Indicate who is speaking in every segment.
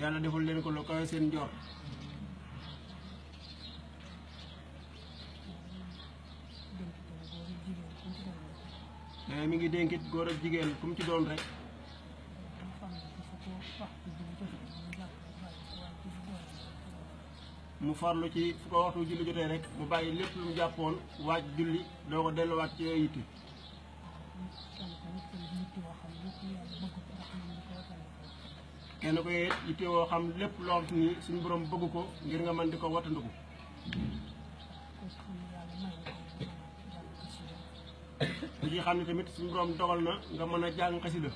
Speaker 1: yàlla deful leen ko lu kawe seen njor eh, mi ngi dénkit góor ak jigéen kum ci doon rek mu farlu ci fu ko waxtu julli jotee rek mu bàyyi lépp lu mu jàppoon waaj julli doo ko delluwaat ci yooyu yitte kenn ko yitte woo xam lépp loo ni suñu borom bëgg ko ngir nga mën di xam tamit suñu borom dogal na nga mën a jàng xasida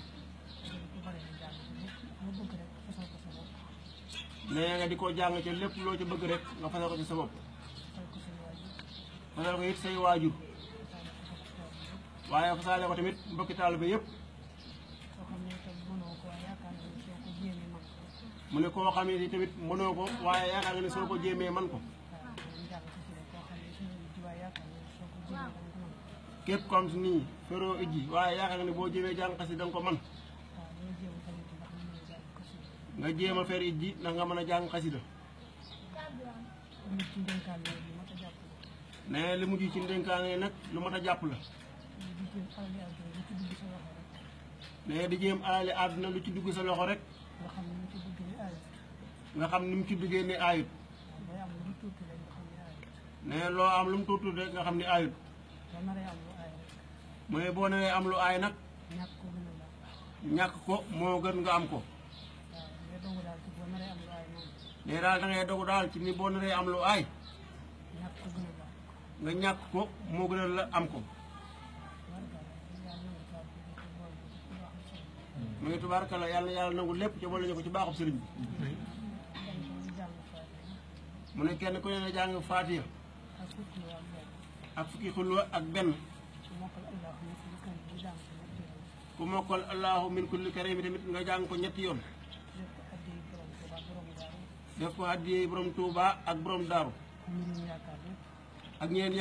Speaker 1: nga di ko jàng ca lépp loo bëgg rek nga fasal ko ci sa bopp ko it say waajur waaye ko tamit mbokki yépp mu ne koo xamee ni tamit mënoo ko waaye yaakaar nga ne soo ko jéemee man ko képp ko am si nii feroo ijji waaye yaakaar nga ne boo jéemee jàng xasida danga ko man nga jéem a fer ijji ndax nga mën a jàng xasida ne li mujj ci ndénkaane nag lu mat a jàpp la ne di jéem alali àdduna lu ci dugg sa loxo rek nga xam ni mu ci duggee ni aayut ne loo am lu mu tuuti rek nga xam ni aayut mu ne boo nee am lu aay nag ñàkk ko moo gën nga am ko ne daal da ngay dogu daal ci ni boo naree am lu aay nga ñàkk ko moo gën am ko mu ngi tubaarkala yàlla yàlla nangu ci wala ñu ci baaxub sëriñ bi mu ne kenn ku ne na jàng ak fukki ak ku allahu min kulli karim tamit nga jàng ko ñetti yoon def ko addiyee borom tuuba ak borom daaru ak ñeen